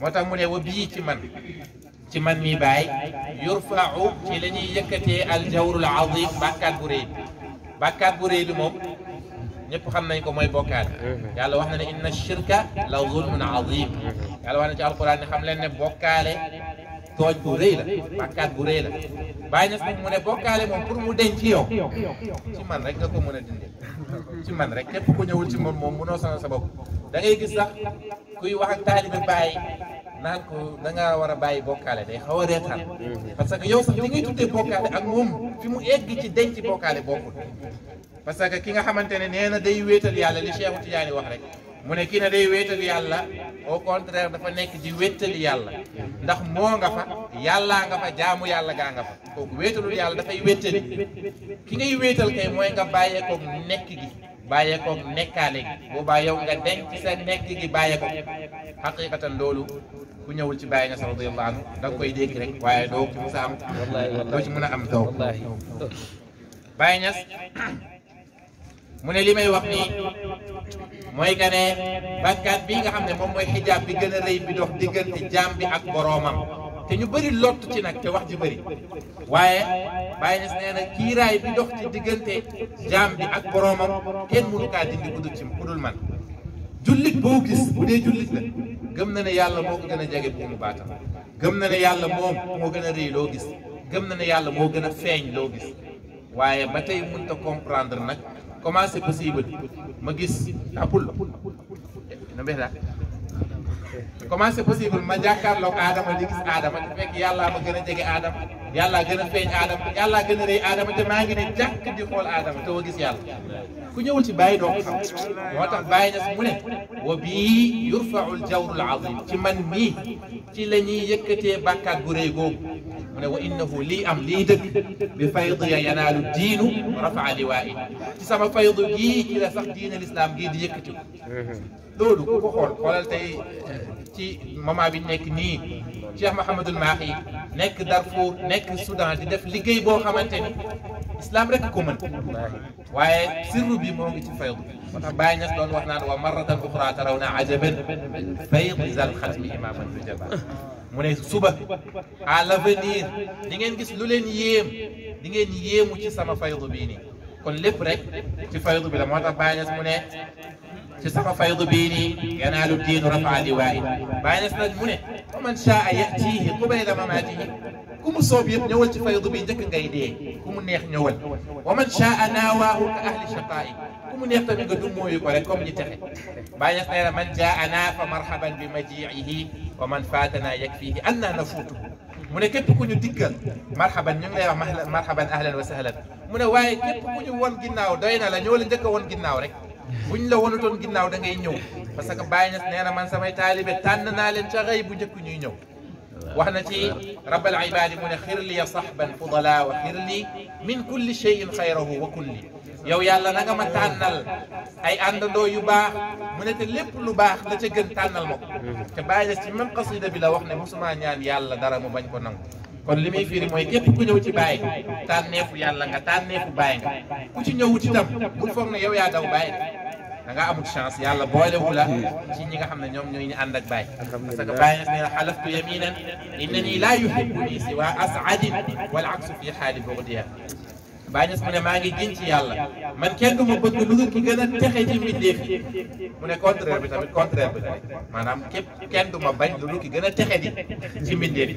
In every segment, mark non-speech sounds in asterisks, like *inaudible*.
moo tax mu ne wa bii ci man ci man mi baay yurfau ci la ñuy yëkkatee aljawrul azim bàkkaat bu réy bi bàkkaat bu réy bi moom ñëpp xam nañ ko mooy bokkaat yàlla wax na ne inna shirka la zulmun azim yàlla wax na ci alquran ne xam leen ne bokkaale tooñ bu réy la bàkkaat bu réy la bàyyi na mu ne bokkaale moom pour mu denc ci yow ci man rek nga ko mën a dindi ci man rek képp ku ñëwul ci moom moom mënoo sonal sa bopp da ngay gis sax kuy wax ak taalibe bàyyi naan ko da ngaa war a bàyyi bokkaale day xaw a reetaan parce que yow sax li ngay tuddee ak moom fi mu egg ci denc bokkaale bokkul parce que ki nga xamante ne nee na day wéetal yàlla li Cheikh Tidiane wax rek mu ne kii ne day wéetal yàlla au contraire dafa nekk di wéetali yàlla ndax moo nga fa yàllaa nga fa jaamu yàlla gaa nga fa kooku wéetalul yàlla dafay wéetali ki ngay wéetal kay mooy nga bàyyeekoog nekk gi bàyyeekoog nekkaale gi boobaa yow nga denc sa nekk gi bàyyeeko xaqiqatan loolu ku ñëwul ci bàyyi na sa radiyallahu anhu da koy dégg rek waaye doo ci mës a am doo ci mën a am taw bàyyi ñas mu ne li may wax nii mooy que ne bàkkaat bii nga xam ne moom mooy xijaab bi gën a rëy bi dox diggante jaam bi ak boroomam te ñu bëri lott ci nag te wax ji bëri waaye bàyyi nes nee na kiiraay bi dox ci diggante jaam bi ak boroomam kenn mënu kaa dindi ku ci ku man jullit boo gis bu dee jullit la gëm na ne yàlla moo ko gën a jege bu baatam gëm na ne yàlla moom moo gën a rëy loo gis gëm na ne yàlla moo gën a feeñ loo gis waaye ba tey mënta comprendre nag comment c'est possible ma gis a pulla no mbiyata comment c'est possible ma jakar jàkkaarloog adam di gis adam fek yalla ma gëna a adam yalla gëna feñ adam yalla gëna yàllaa adam te ma ngi ni jàkk di xol adam te wa gis yàlla ku ñëwul ci baye do ko xam tax bàyyi na mu ne wa bi al yurfaul al azim ci man mi ci lañuy yëkëté yëkkatee gu bu rëy googu mu ne wa innahu li am li deug bi faydiya ad-din rafaa liwa'i ci sama faydu gii ci la sax diine lislaam gii di yëkkati ko loolu ku ko xool xoolal tey eh, ci moment bi nekk nii Cheikh Mahamadul Mahi nekk Darfour nekk Soudan di def liggéey boo xamante ni islam rek ko mën waaye sirru bi moo ngi ci faydu moo tax Baye Niass doon wax naan wa marratan uxra mu ne suba à l'avenir di ngeen gis lu leen yéem di ngeen yéemu ci sama faydu bii nii kon lépp rek ci faydu bi la moo tax Baay Ñas mu ne ci sama faydu bi ni yanalu dinu rafaa liwaay Baay Ñas nak mu ne man shaa ya'tihi qubayla mamaatihi ku mu soob yeb ñëwal ci faydu bi njëkk ngay dé ku neex ñëwal wa man shaa nawahu ka ahli shaqa'i ku mu neex tamit nga dummóoyu ko rek comme ñi texe Baay Ñas nee man jaana fa marhaban bi majiihi wa man fatana yakfihi anna nafutu mune ne képp ku ñu diggal marhaban ñu ngi lay wax marhaban ahlan wa sahlan mune ne waaye képp ku ñu won ginnaaw doy na la ñoo la njëkk won ginnaaw rek buñ la wonutoon ginnaaw da ngay ñëw parce que Baye ñas nee na man samay taalibe tànn naa leen ca xëy bu njëkk ñuy ñëw wax na ci rabb al mu mune xir li ya sahban fudala wa xir li min kulli cheyin xayrahu wa kulli yow yàlla na nga ma tànnal ay àndandoo yu baax mu ne te lépp lu baax da ca gën tànnal ma te bàyyi la ci même qasida bi la wax ne mosuma ñaan yàlla dara mu bañ ko nangu kon li muy firi mooy képp ku ñëw ci bàyyi tànneefu yàlla nga tànneefu bàyyi nga ku ci ñëwu ci tam bul foog ne yow yaa daw bàyyi da nga amul chance yàlla boolewu la ci ñi nga xam ne ñoom ñooy ñu ànd ak bàyyi parce que bàyyi ne xalaftu yaminan innani laa yuhibbuni siwa asadin wal aksu fi xaali bogdiya Baay Ñas maa ngi giñ ci yàlla man kenn du ma bëgg lu ki gën a texe ci mbindeef yi mu tamit contraire tamit maanaam képp kenn du bañ lu ki gën a texe di ci mbindeef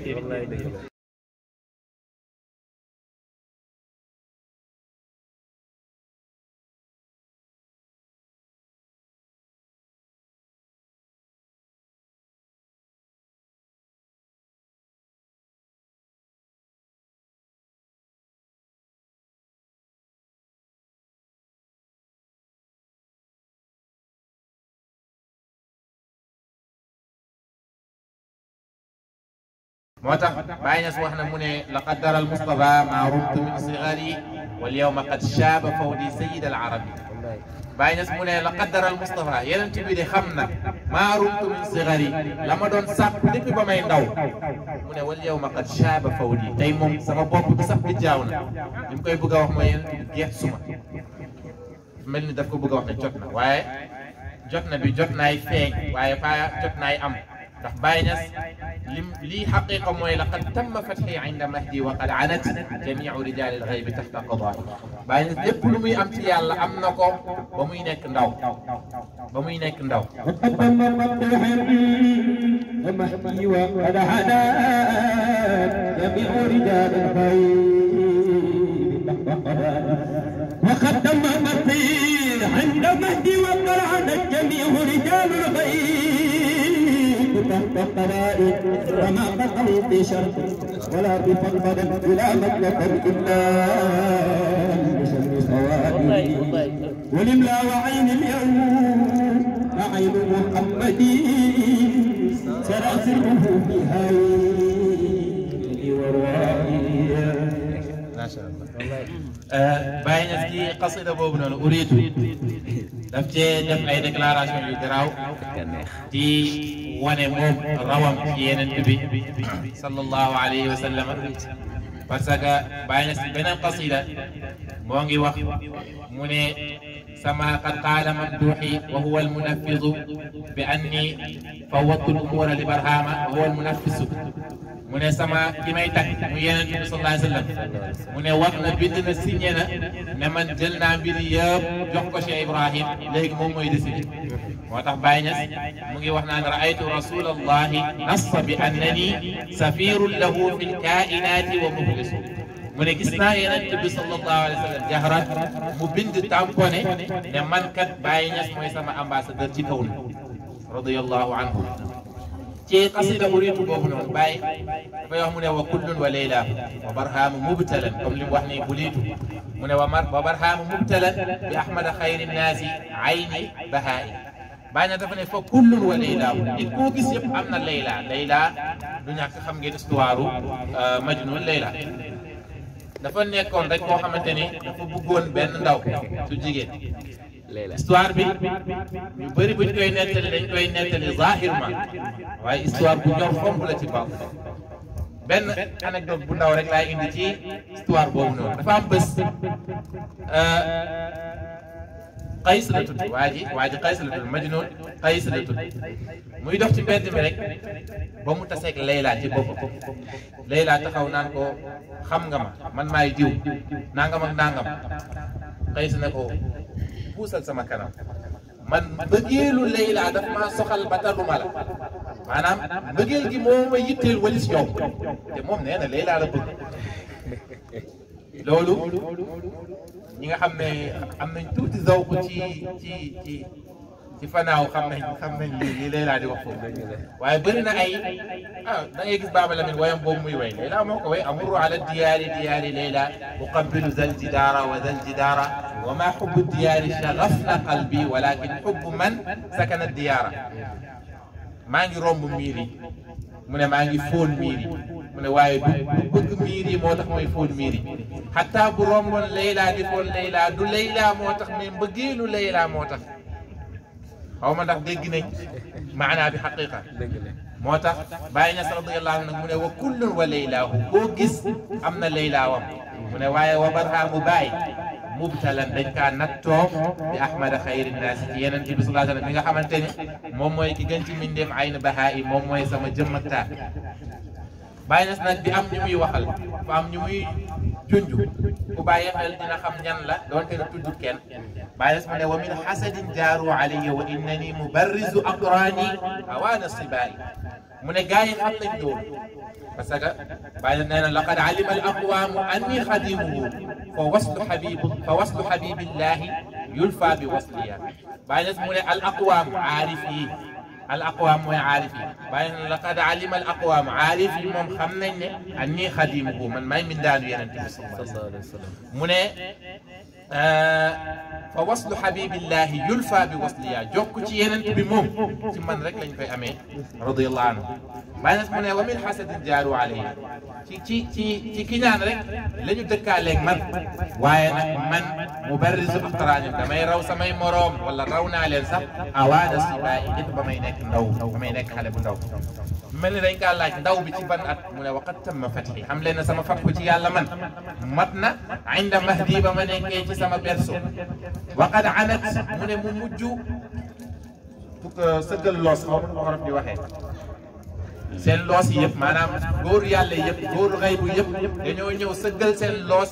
moo tax wax na mu ne laqad almustafa ma rubtu min sigari wal yawma qad shaaba fawdi sayid almustafa ma rubtu min sigari la ma doon sàpp depuis ba may ndaw mu ne wal yawma qad shaaba fawdi tey moom sama bi sax bi jaaw na li a wax mooy yeneen bi geex suma mel ni daf ko bëgg a wax ne jot na waaye jot na bi jot am باينس لي حقيقة موي لقد تم فتحي عند مهدي وقد عنت جميع رجال الغيب تحت قضائي باينس دي كل مي أمتي يالا أمنكو بمي نيك ندو بمي نيك تم فتحي مهدي وقد عنت جميع رجال الغيب تحت قضائي وقد تم فتحي عند مهدي وقد عنت جميع رجال الغيب والقبائل وما بقوا في شرط ولا بفضل إلى مكة إلا بشر صوائب والإملاء وعين اليوم عين محمد سرى سره في هاي ورائي ما شاء الله باين اسكي قصيده بوب اريد دفتي دف اي ديكلاراسيون يو دراو دي وانا موم روام النبي صلى الله عليه وسلم بسكا باين اسكي بنان قصيده مونغي واخ موني سما قد قال ممدوحي وهو المنفذ باني فوضت الامور لبرهامه وهو المنفذ mu ne sama ki may takk mu yeneen bi sallallahu alayhi wasallam mu ne wax na bind na signé na ne man jël naa mbir yëpp jox ko Cheikh Ibrahim léegi moom mooy décidé moo tax Baye Niass mu ngi wax naan raaytu rasulallahi nassa bi annani safirun lahu fi lkainati wa mublisu mu ne gis naa yeneen bi sallallahu alayhi wasallam jahrat mu bind tamponné ne man kat Baye Niass mooy sama ambassadeur ci kaw la radiyallahu anhu ci xasida muriitu boobu noonu bàyyi dafay wax mu ne wa kullun wa leyla wa barhaamu mubtalan comme li mu wax nii ne wa mar wa barhaamu mubtalan bi ahmada a naasi ayni bahaai bàyyi na dafa ne fa kullun wa leyla nit koo gis yëpp am na leyla leyla du ñàkk xam ngeen histoire eh, majnun leyla dafa nekkoon rek koo xamante ni dafa bëggoon benn ndaw su jigéen histoire bi ñu bëri buñ koy nettali dañ koy nettali zahir ma waaye histoire bu ñor fomb la ci baax benn anecdote bu ndaw rek laay indi ci histoire boobu noonu dafa am bés euh, Qays la tudd waa ji waa ji Qays la tudd Majnun Qays la muy dox ci mbedd mi rek ba mu taseeg Layla ci boppam Layla taxaw naan ko xam nga ma man maay diw nangam ak nangam Qays na كوسل سما كلام من بجيل الليل عدف ما سخل بطر رمالا أنا بجيل دي موم يتل وليس يوم دي موم نينا الليل عدف لولو نيغا حمي حمي توتي زوكو تي تي تي ci fanaaw xam nañ xam nañ lii lay laa di wax foofu waaye bëri na ay ah da ngay gis Baaba Lamin wayam boobu muy way Layla moo ko way amuru ala diyaari diyaari Layla uqabilu zal jidaara wa zal jidaara wa ma xubbu diyaari shagafna qalbi walakin xubbu man sakana diyaara maa ngi romb miir yi mu ne maa ngi fóon miir yi mu ne waaye du bëgg miir yi moo tax mooy fóon miir yi xataa bu romboon Layla di fóon Layla du Layla moo tax mais mbëggeelu Layla moo tax xaw ma ndax dégg nañ maanaa bi xaqiqa moo tax bàyyi ñas radiyallahu anhu nag mu ne wa kullun wa laylaahu boo gis am na laylaawam mu ne waaye wa barhaamu bàyyi mubtalan dañ kaa nattoo bi ahmada xayri naasi ci yeneen bi sallallahu alayhi wa sallam mi nga xamante ne moom mooy ki gën ci mbindeem aynu bahaa yi moom mooy sama jëmm ak taar bàyyi nas nag bi am ñu muy waxal bu am ñu muy junj ku bàyyi xel dina xam ñan la doonte ne tudd kenn بعد اسمع ومن حسد جاروا علي وانني مبرز اقراني اوان الصبال من جاي حق الدور بس بعد ان لقد علم الاقوام اني خديمه فوصل حبيب فوصل حبيب الله يلفى بوصلها بعد اسمع الاقوام عارفي الاقوام عارفي بعد ان لقد علم الاقوام عارفي من خمنين اني خديمه من ما من دانو ينتهي صلى الله عليه وسلم من آه، فوصل حبيب الله يلفى بوصليا جوكوتي يننت بمو ثم رك لنج في امي رضي الله عنه ما نس من يوم الحسد الجارو عليه تي تي تي تي كي نان رك لنج دكا لك من واي من مبرز اقران انت ما يرو سمي مروم ولا رونا لنسا اواد السباء انت بما ينك نو بما ينك حلب نو ملريكا لاج داو بي سي بان ات مولا وقت تم فتحي حملنا سما فكو تي يالا مان متنا عند مهدي بما نكي سي سما بيرسو وقد عنت مولا مو مجو فك سكل لوس او رب دي واخي سين لوس ييب مانام غور يالا ييب غور غيب ييب دانيو نيو سكل سين لوس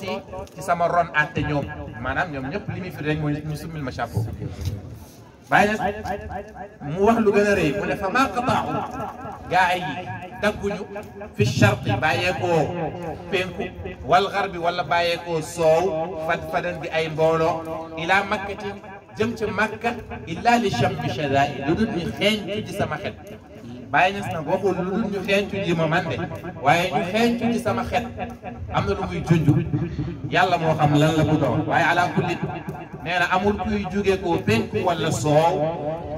سي سما رون ات نيوم مانام نيوم نيب لي مي في رك مو نيسمي المشافو bàyyi mu wax lu gën a rëy mu ne fa maa qataaxu gaa yi dagguñu fi charti bàyyeekoo penku wal xarbi wala bàyyeekoo soow fad fadan di ay mbooloo ilaa makkati jëm ca makka illaa li champi chadaay lu dul ñu xeeñtu ci sama xet bàyyi nas nag waxul lu dul ñu xeeñtu ji ma man de waaye ñu xeeñtu ci sama xet am na lu muy junj yàlla moo xam lan la bu doon waaye ala kulli nee na amul kuy jóge koo penku wala soow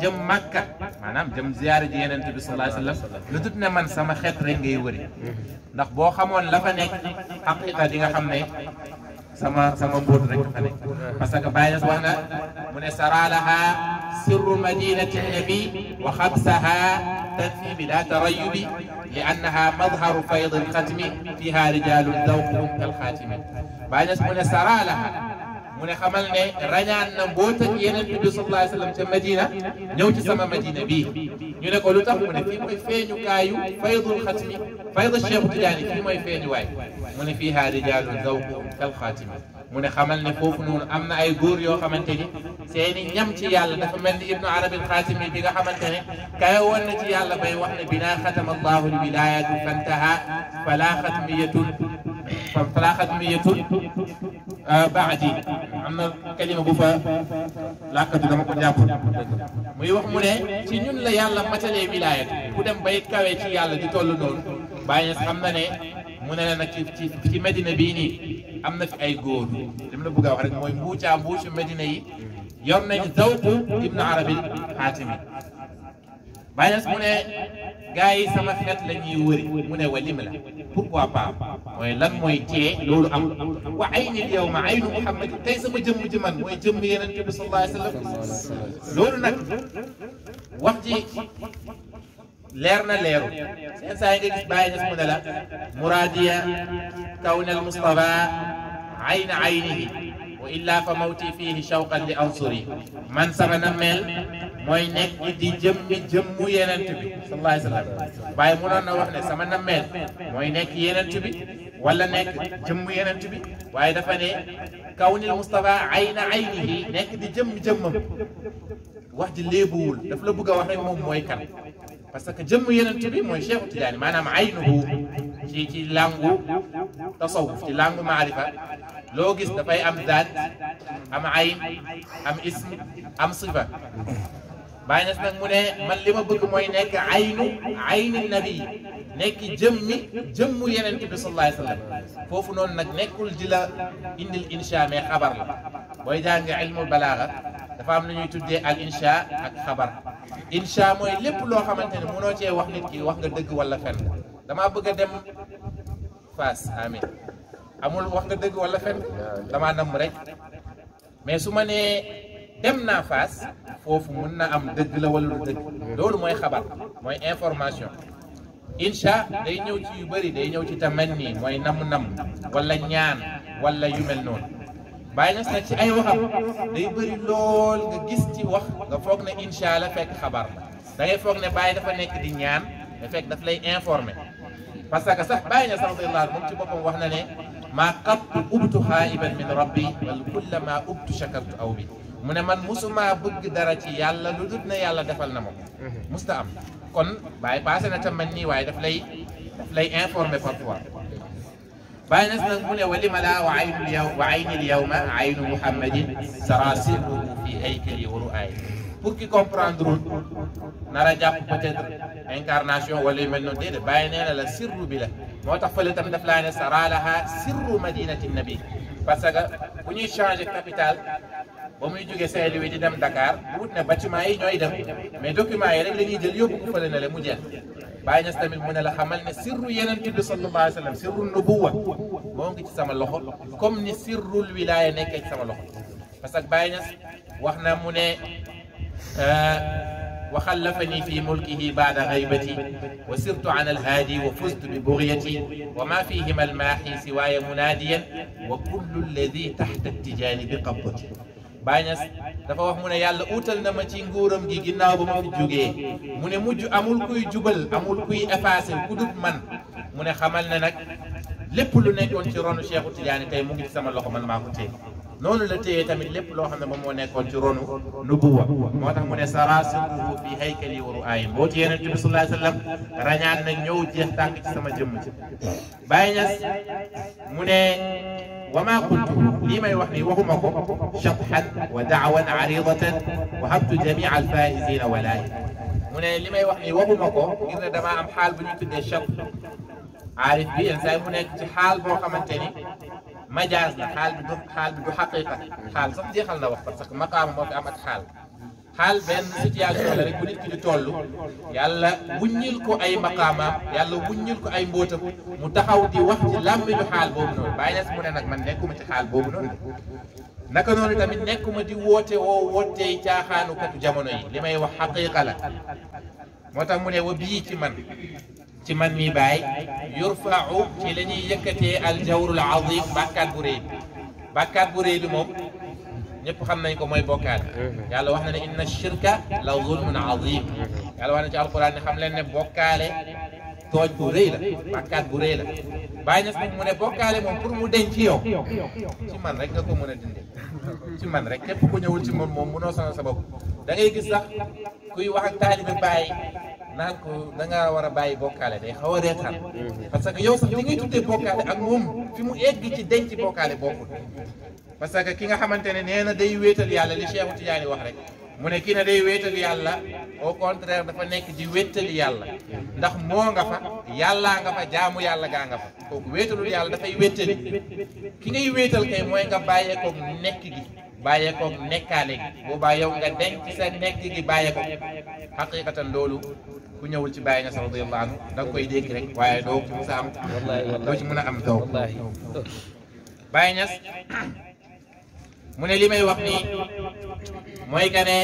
jëm Makka maanaam jëm ziyaare ji Yonent bi sallallahu alayhi wa sallam lu tut ne man sama xeet rek ngay wëri ndax boo xamoon la fa nekk xaqiqa di nga xam ne sama sama mbóot rek fa nekk parce que Baye Niass wax na mu ne saralaha sirru madinati nabi wa xabsaha tanfi bi la tarayubi li annaha madharu fayd alxatmi fiha rijalun dawqum kalxaatimi Baye Niass mu ne saralaha من خمال نه رجعنا نبوت كيان النبي صلى الله عليه وسلم في المدينة نيوت سما مدينة بيه نيونا قلوا تفهم من في ما يفين يكايو فيض الختم فيض الشيخ تجاني في ما يفين يواي من فيها رجال ذوق كالخاتمة من خمال نفوف نون أمنا أي غور يو خمال تجي سيني نمتي يالا نفمال ابن عربي الخاتم يبقى خمال تجي كي يوان نتي يالا بيوحن بنا ختم الله الولاية فانتهى فلا ختمية فلا ختمية بعدي am na kalima bu fa làkkatu dama ko jàpp muy wax mu ne ci ñun la yàlla matalee wilaayat ku dem bay kawee ci yàlla di toll noonu bàyyi xam na ne mu ne la nag ci ci Medina bii nii am na fi ay góor li mu la bëgg a wax rek mooy mbuucaa mbuucu Medina yi yor nañ zawqu ibnu arabi xaatimi bàyyi mu ne gars yi sama xeet la ñuy wëri mu ne walim la pourquoi pas mooy lan mooy tee loolu am wa ay nit yow ma ay nu Muhammad tey sama jëmm ji man mooy jëmm yeneen bi sallallahu alayhi wa sallam loolu nag wax ji leer na leeru seen saa yi nga gis bàyyi nas mu ne la muradiya kawnal Mustafa ayna aynihi إلا فموتي فيه شوقا لأنصري من سما نمل موي نيك دي جيم دي جيم مو يننت بي صلى الله عليه وسلم باي مو نون واخ نه سما نمل موي نيك يننت بي ولا نيك جيم مو يننت بي واي دافا ني كون المصطفى عين عينه نيك دي جيم جيم واخ دي ليبول داف لا بوغا واخ موم موي كان باسكو جيم يننت بي موي شيخ تجاني مانام عينه شي تي لانغو تصوف تي لانغو معرفه loo gis dafay am daat am ay am ism am sifa Baay Ñas nag mu ne man li ma bëgg mooy nekk aynu ayni nabi nekk jëmmi jëmmu yeneen bi sallallahu alayhi wa sallam foofu noonu nag nekkul di la indil insha mais xabar la booy jàng ilmul balaaga dafa am lu ñuy tuddee al insha ak xabar insha mooy lépp loo xamante ne mënoo cee wax nit ki wax nga dëgg wala fenn damaa bëgg a dem Fass amin amul wax nga deug wala fen dama nam rek mais suma ne dem na fas fofu mën na am deug la wala lu deug lolou moy xabar moy information insha day ñëw ci yu bari day ñëw ci tamanni moy nam nam wala ñaan wala yu mel noonu bàyyi na ci ay waxam day bari lol nga gis ci wax nga fokk ne insha la fekk xabar da ngay fokk ne bay dafa nek di ñaan mais fekk daf lay informer parce que sax bay na sax moom ci bopam wax na ne ما قط أبت هائبا من ربي بل كل ما أبت شكرت أو بي من من مسما بق درجي يالا لدودنا يالا دفلنا مو مستعم كن باي باس انا تمني واي دفلي دفلي انفورمي فتوى باي نسنا نقول ولي ملا وعين اليوم وعين اليوم عين محمد سراسل في هيكلي ورؤاي pour qu'ils comprendront nara japp peut-être incarnation wala men non dede baye nena la sirru bi la moo tax fële tamit daf laa ne saraalaha sirru madinati nabi parce que bu ñuy changé capital ba muy jóge Saint-Louis di dem Dakar wut ne bâtiment yi ñooy dem mais document yi rek la ñuy jël yóbbu ko fële na le mu jeex bàyyi nas tamit mu ne la xamal ne sirru yeneen bi sallallahu alayhi wa sallam sirru nubuwa moo ngi ci sama loxo comme ni sirrul wilaaya nekkee ci sama loxo parce que bàyyi nas wax na mu ne وخلفني في ملكه بعد غيبتي وسرت عن الهادي وفزت ببغيتي وما فيهما الماحي سواي مناديا وكل الذي تحت التجان بقبضتي باينس دافا واخ مونيا يالا اوتال نما تي نغورم جي غيناو بما في جوغي موني موجو امول كوي جوبل امول كوي افاسل كودوت مان موني خمالنا نك لپ لو نيكون سي رونو تاي موغي سما لكم مان ماكو تي لولو لتي تامي لب لو خاندي مامو نيكون تي رونو نبوة موتاخ موني ساراس في هيكلي ورؤاي بوتي يانت بي صلى الله عليه وسلم را ญ ان نا نيو جيخ تانك سي سما جيم باينس موني وما قلت لما يوحني وهمك شطحا ودعوى عريضة وهبت جميع الفائزين ولاي من لما يوحني وهمك غير دما ام حال بني تدي عارف بي ان ساي من حال بو خمنتني مجاز لا حال بدو حال بدو حقيقة حال صح دي خلنا وقت فرصك مقام ما في أمد حال حال بين سيتياسيون لا ريك بنيت كي تولو يالا وونيل كو اي مقاما يالا وونيل كو اي موتا مو تخاو دي واخ دي لامبي حال بوب نون باي ناس مو نك من نيكوما تي حال بوب نون نكا نوني تامين نيكوما دي ووتي وو ووتي تيا خانو كاتو جامونو يي لي ماي واخ حقيقه لا موتا مو ني وبي تي من ci man mi baay yurfau ci la ñuy yëkkatee aljawrul azim bàkkaat bu réy bàkkaat bu réy bi moom ñëpp xam nañ ko mooy bokkaat yàlla wax na ne inna shirka la zulmun azim yàlla wax na ci alquran ne xam leen ne bokkaale tooñ bu rëy la bàkkaat bu rëy la bàyyi na nag mu ne bokkaale moom pour mu denc ci yow ci man rek nga ko mën a dindi ci man rek képp ku ñëwul ci moom moom mënoo sonal sa bopp da ngay kuy wax ak taalibe naan ko da ngaa war a bàyyi bokkaale day xaw a reetaan parce que yow sax li ngay tuddee bokkaale ak moom fi mu egg ci denc bokkaale bokkul parce que ki nga xamante ne nee na day wéetal yàlla li Cheikh Tidiane wax rek mu ne kii na day wéetal yàlla au contraire dafa nekk di wéetali yàlla ndax moo nga fa yàllaa nga fa jaamu yàlla gaa nga fa kooku wéetalul yàlla dafay wéetali ki ngay wéetal kay mooy nga bàyyeekoog nekk gi bàyyeekoog nekkaale gi boobaa yow nga loolu ku ñëwul ci Baye Niass radiyallahu anhu da nga koy dégg rek waaye doo ci mos a am doo ci mën a am taw Baye mu ne li may wax nii mooy que ne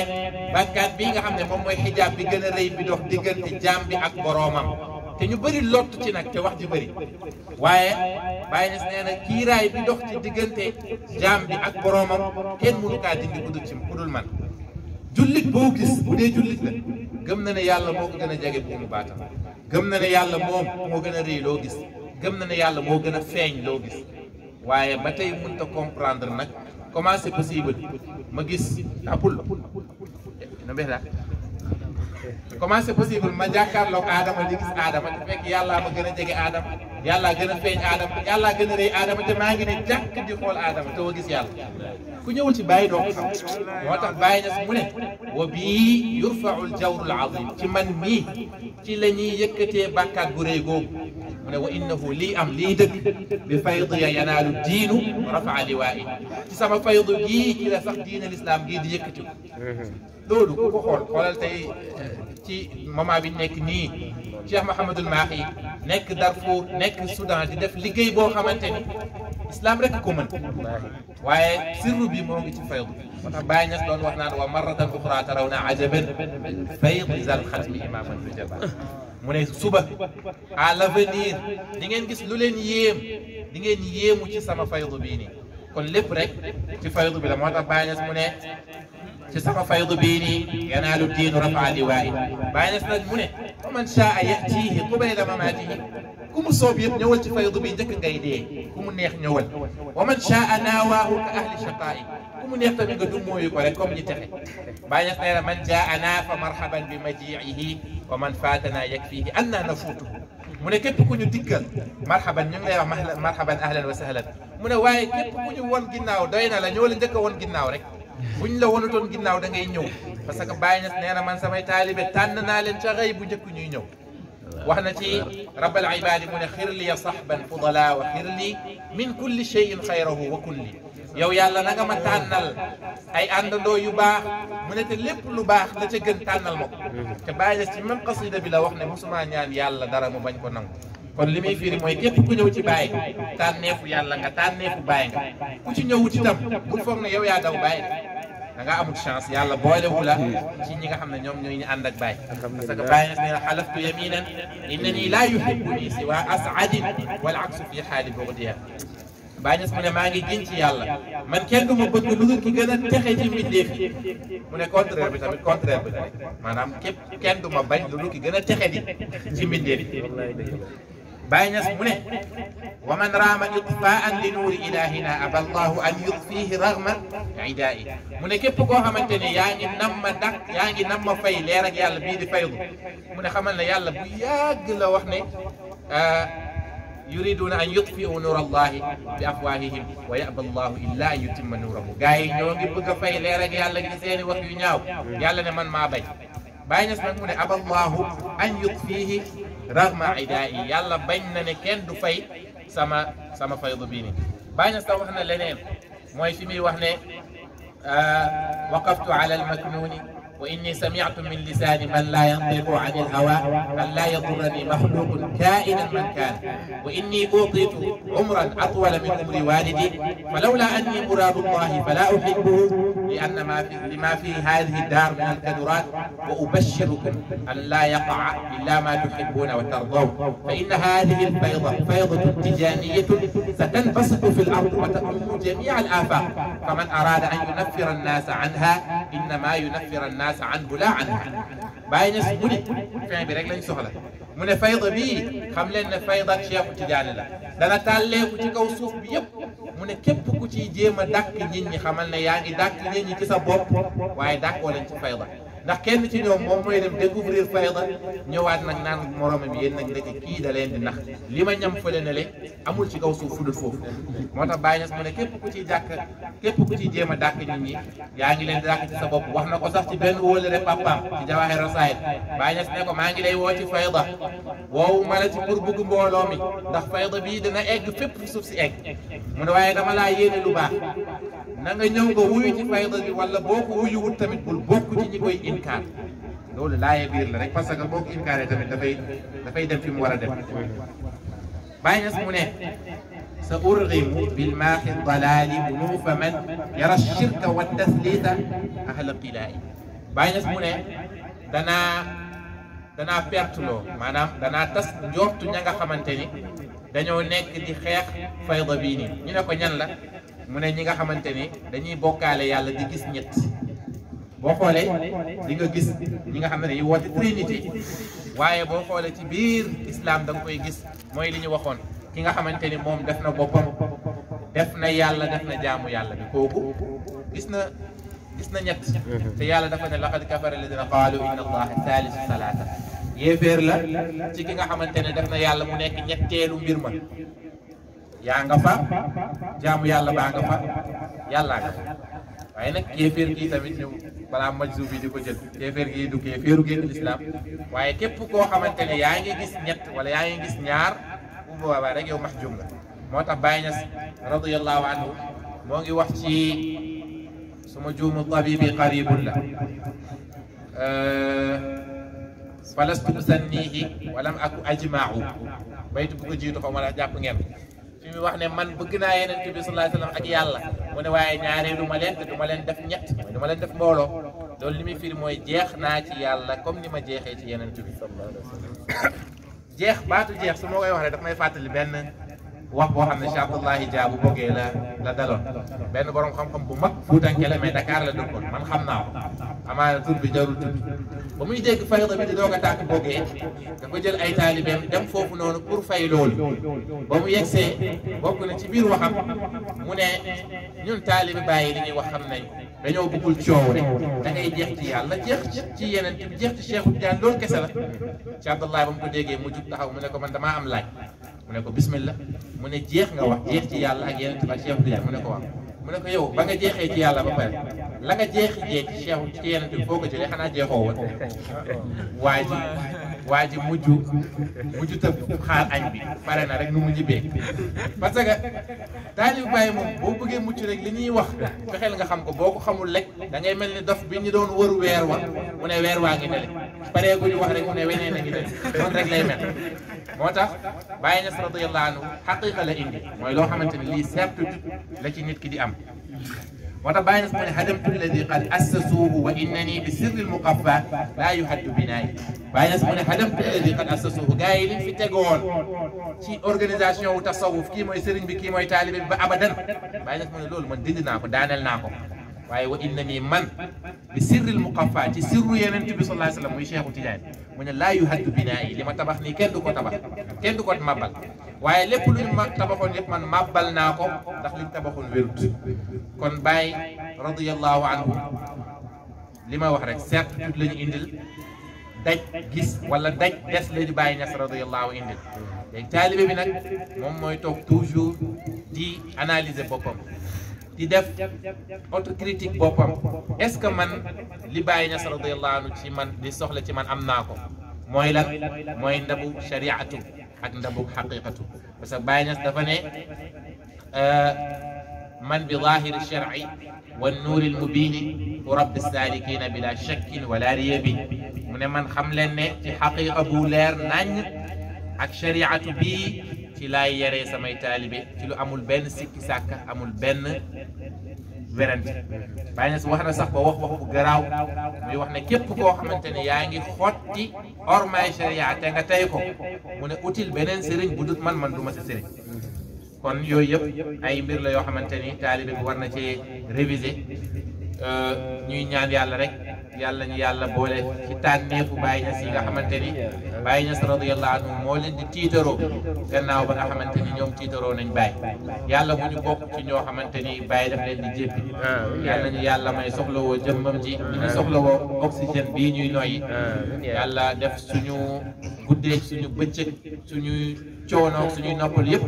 bàkkaat bii nga xam ne moom mooy xijaab bi gën a rëy bi dox diggante jaam bi ak boroomam te ñu bëri lott ci nag te wax ji bëri waaye Baye Niass nee na kiiraay bi dox ci diggante jaam bi ak boroomam kenn mënu kaa dindi ku ci ku dul man jullit boo gis bu dee jullit la gëm na ne yàlla moo ko gën a jege bu mu baatam gëm na ne yàlla moom moo gën a rëy loo gis gëm na ne yàlla moo gën a feeñ loo gis waaye ba tey mënut a comprendre nag comment c'est possible ma gis apul eh, na mbeex comment c'est possible ma jakar ak adam di gis adam fek yalla ma gëna a adam yalla gëna gën adam yalla gëna yàllaa gën rëy aadama te ma ngi ni jàkk di xol adam te wo gis yàlla ku ñëwul ci baye do ko xam moo tax bàyyi na mu ne wa bi yurfa'u al yurfaul al azim ci man mi ci lañuy yëkëté bakkat bu rëy googu mu ne wa innahu li am li dëkk bi fayd ya yanalu din rafaa liwa'i ci sama fayd gi ci la sax diina lislaam gi di yëkëti ko ko xol xolal tay ci moment bi nekk nii Cheikh Mouhamadul Mahi nekk Darfour nekk Soudan di def liggéey boo xamante ni islam rek ko mën waaye sirru bi moo ngi ci faydu moo tax Baye Niass doon wax naan wa marratan uxra taraw na ajaban faydi zal xatmi imaman fi jaba mu ne suba à l' avenir di ngeen gis lu leen yéem di ngeen yéemu ci sama faydu bii nii kon lépp rek ci faydu bi la moo tax Baye Niass mu ne تسقى فيض بيني ينال الدين رفع لوائي بعد اسمك من ومن شاء ياتيه قبل الى مماته كم صوبيت نول تفيض بي دك غيدي كم نيخ نول ومن شاء ناواه كاهل شقائي كم نيخ تبي قدوم موي كول نتخي بعد اسمك من جاءنا فمرحبا بمجيئه ومن فاتنا يكفيه انا نفوته من كيف تكون يتكل مرحبا نملا مرحبا اهلا وسهلا من واي كيف تكون يوان جناو داينا لنيول ديك وان جناو رك buñ la wanatoon ginnaw da ngay ñëw parce que Baye Niass nee man samay talibé tan na leen ci xëy bu njëkk ñuy ñëw waxna ci rabbal ibad mun khir li sahban fudala wa khir li min kulli cheyin khayruhu wa kulli yow yàlla na nga ma tanal ay àndandoo yu baax mu ne te lépp lu baax la ci gën tanal mako te Baye Niass ci même qasida bi la wax ne mosuma ñaan yàlla dara mu bañ ko nang kon li firi moy képp ku ñëw ci Baye tanefu yàlla nga tanefu Baye nga ku ci ñëwut itam bul foog ne yow ya daw Baye da nga amul chance yàlla boolewu la ci ñi nga xam ne ñoom ñooy ñu ànd ak Baye parce que Baye nag nee na xalaftu yaminan innani laa yuhibbuni siwa asadin wal aksu fi xaali bogdiya Baye Niass mu ne maa ngi giñ ci yàlla man kenn du ma bëgg lu dul ki gën a texe ci mbindeef yi mu ne contraire bi tamit contraire bi tamit maanaam képp kenn du ma bañ lu dul ki gën a texe di ci mbindeef yi Baye Niass mu ne ومن رام إطفاء لنور إلهنا أبى الله أن يطفيه رغم عدائه من كيف كو خامتاني ياغي يعني نما داك ياغي يعني نما فاي ليرك يالا بي دي فايدو من خمال يالا بو ياغ لا وخني آه، يريدون أن يطفئوا نور الله بأفواههم ويأبى الله إلا أن يتم نوره جاي نيوغي بوغا فاي ليرك يالا غي سيني واخ يو نياو يالا ني مان ما باي باي ناس من أبى الله أن يطفيه رغم عدائي يالا باي ناني كين دو فاي sama sama faydu bi ni bañ sa sax wax na leneen moy fi mi wax ne waqaftu ala al-maknun wa inni sami'tu min lisani man la yantiqu an al-hawā an la yadurrani makhluqun kainan man kān wa inni utitu umran atwala min umri walidi falawla anni muradu allahi fala uhibbuhu لأن ما في لما في هذه الدار من القدرات وأبشركم أن لا يقع إلا ما تحبون وترضون فإن هذه الفيضة فيضة تجانية ستنبسط في الأرض وتضم جميع الآفاق فمن أراد أن ينفر الناس عنها إنما ينفر الناس عنه لا عنها باينس بولي فين برجلين سهلة من فيض بي خملنا فيض أشياء كتير على لا دنا تعلل كتير كوسوف بيب من كيف كتير جيم دك جيني خملنا يعني دك جيني كسب بوب واي دك ولا كتير فيضك ndax kenn ci ñoom moom mooy dem découvrir fayda ñëwaat nag naan moromam yéen nag ndeke kii da leen di nax li ma ñam fële ne le amul ci kaw suuf fu dul foofu moo tax bàyyi nas mu ne képp ku ciy dàkk képp ku ciy jéem a dàkk nit ñi yaa ngi leen di dàkk sa bopp wax na ko sax ci benn wóolare papaam ci jawaaxe rasaayit bàyyi nas ne ko maa ngi lay woo ci fayda woowu ma la ci pour bugg mbooloo mi ndax fayda bii dina egg fépp fu suuf si egg mu ne waaye dama laa yéene lu baax na nga ñëw nga wuyu ci fayda bi wala boo ko wuyuwul tamit bul bokk ci ñi koy inkaar loolu laaye biir la rek parce que boo ko inkaaree tamit dafay dafay dem fi mu war a dem bàyyi nas mu ne sa urgimu bil maaxi dalaali unuufa man yara shirka wa taslita ahla qilaayi bàyyi nas mu ne danaa danaa perte loo maanaam danaa tas njortu ña nga xamante ni dañoo nekk di xeex fayda bii nii ñu ne ko ñan la mu ne ñi nga xamante ni dañuy bokkaale yàlla di gis ñett boo xoolee li nga gis ñi nga xam ne dañuy woote trinité waaye boo xoolee ci biir islam da nga koy gis mooy li ñu waxoon ki nga xamante ni moom def na boppam def na yàlla def na jaamu yàlla bi kooku gis na gis na ñett te yàlla dafa ne laqad kafara alladina qaalu inna allaha thalisu salaata yéeféer la ci ki nga xamante ne def na yàlla mu nekk ñetteelu mbir ma yaa nga fa jaamu yàlla baa nga fa yàllaa nga fa waaye nag kéeféer gi tamit ñu balaa majzu bi di ko jël lislaam waaye képp koo xamante yaa ngi gis ñett wala yaa ngi gis ñaar bu boobaa rek yow maxjum la moo tax Baay Ñas radiyallahu anhu moo ngi wax ci suma juumu tabibi qaribun la falastu usannihi walam aku ajmaahu baytu bu ko jiitu xaw ma la jàpp ngeen mi wax ne man bëgg naa yeneen bi sallallahu alayhi ak yàlla mu ne waaye ñaaree du ma leen te du ma leen def ñett mooy du ma leen def mbooloo loolu li muy firi mooy jeex naa ci yàlla comme ni ma jeexee ci yeneen bi sallallahu alayhi wasallam *coughs* jeex baatu jeex su ma koy wax rek daf may fàttali benn wax boo xam ne Cheikh Abdoulahi Dia bu boggee la la daloon benn borom xam-xam bu mag fuutanke la mais Dakar la dëkkoon man xam naa ko amaana tur bi jarul tudd ba muy dégg fayda bi di doog a tàkk boggee dafa jël ay taalibeem dem foofu noonu pour fay loolu ba mu yegsee bokk na ci biir waxam mu ne ñun taalibe bàyyi li ñuy wax xam nañ dañoo bëggul coow rek da ngay jeex ci yàlla jeex ci yeneen jeex ci Cheikh Tidiane loolu kese la Cheikh Abdoulahi ba mu ko déggee mu jug taxaw mu ne ko man damaa am laaj mu ne ko bismillah mu ne jeex nga wax jeex ci yàlla ak yeneen ak Cheikh Tidiane mu ne ko wax mu ne ko yow ba nga jeexee ci yàlla ba pare la nga jeexi jeex ci Cheikh ci yeneen bi foo ko jëlee xanaa jeexoo woon waa ji waa ji mujj mujj tëb xaar añ bi pare na rek nu mu ñibbee parce que taalib bàyyi moom boo bëggee mucc rek li ñuy wax fexeel nga xam ko boo ko xamul rek dangay mel ni dof bi ñu doon wër weer wa mu ne weer waa ngi ne paree guñu wax rek mu ne weneen a ngi def noonu rek lay mel moo tax Baye Niass radiyallahu anhu xaqiqa la indi mooy loo xamante ne lii certitude la ci nit ki di am moo tax Baye Niass mu ne hadamtu alladi qad assasuuhu wa innani bi sirri almuqaffa laa yuhaddu binaayi Baye Niass mu ne hadamtu alladi qad assasuuhu gars yi liñ fi tegoon ci organisation wu tasawuf kii mooy sëriñ bi kii mooy taalibe bi ba abadan Baye Niass mu ne loolu man dindi naa ko daaneel naa ko waaye wa innani man bi sirril muqafa ci sirru yeneen bi sallallahu alayhi wa sallam muy Cheikhu Tidiane mu ne laa yu haddu binaa yi li ma tabax nii kenn du ko tabax kenn du ko mabal waaye lépp luñ ma tabaxoon lépp man mabal naa ko ndax liñ tabaxoon wérut kon Baye radiyallahu anhu li ma wax rek certitude la ñu indil daj gis wala daj des la ñu Baye Niass radiyallahu indil léegi taalibe bi nag moom mooy toog toujours di analyser boppam di def autocritique boppam est-ce que man li Baye Niass radiyallahu anhu ci man di soxla ci man am naa ko mooy lan mooy ndabu shariatu ak ndabu xaqiqatu parce que Baye Niass dafa ne euh, man bi zahiri shar'i wan nuuril mubiini rabbi saalikiina bila shakkin wala riyabi mu ne man xam leen ne ci xaqiqa bu leer nañ ak shariatu bii ci laay yaree samay taalibe ci lu amul benn sikki sàkka amul benn werante bàyyi na si wax na sax ba wax wax bu garaaw muy wax ne képp koo xamante ne yaa ngi xotti ormay sharia te nga tey ko mu ne util beneen sëriñ bu dut man man du ma si kon yooyu yëpp ay mbir la yoo xamante ni taalibe bi war na cee réviser euh, ñuy ñaan yàlla rek yàlla ñu yàlla boole ci tànneefu Baye Niass yi nga xamante ni Baye Niass radiyallahu anhu moo leen di tiitaroo gannaaw ba nga xamante ni ñoom tiitaroo nañ Baye yàlla bu ñu bokk ci ñoo xamante ni Baye daf leen di jéppi yàlla ñu yàlla may soxlawoo jëmmam ji ñu ñu soxlawoo oxygène bii ñuy noyyi def suñu guddee suñu bëccëg suñuy coono suñuy noppal yëpp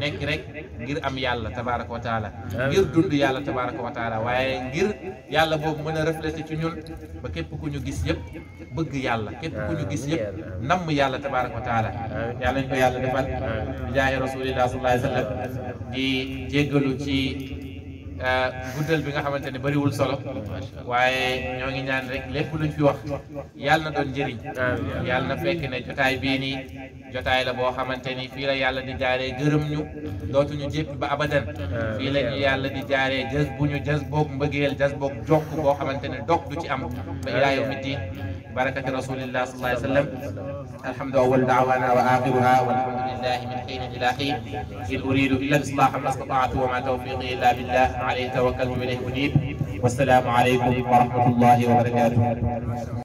nekk rek ngir am yàlla tabaraka wa taala ngir dund yàlla tabaraka wa taala waaye ngir yàlla boobu mën a refléter ci ñun ba képp ku ñu gis yëpp bëgg yàlla képp ku ñu gis yëpp namm yàlla tabaraka wa taala yàlla ñu ko yàlla defal bi jaay rasulillah sallallahu alayhi wa sallam di jéggalu ci Euh, guddal bi nga xamante ne bëriwul solo waaye ñoo ngi ñaan rek lépp luñ fi wax yàlla na doon njëriñ yàlla na fekk ne jotaay bii nii jotaay la boo xamante ni fii la yàlla di jaaree gërëm ñu dootuñu jéppi ba abadan fii la yàlla di jaaree jas bu ñu jas boog mbëggeel jas boog jokk boo xamante ne dog du ci am ba ilaa yawmi diin barakati rasulillah sallallahu alayhi الحمد أول دعوانا وآخرها والحمد لله من حين إلى حين إن أريد إلا الإصلاح ما استطعت وما توفيقي إلا بالله عليه توكلت وإليه أنيب والسلام عليكم ورحمة الله وبركاته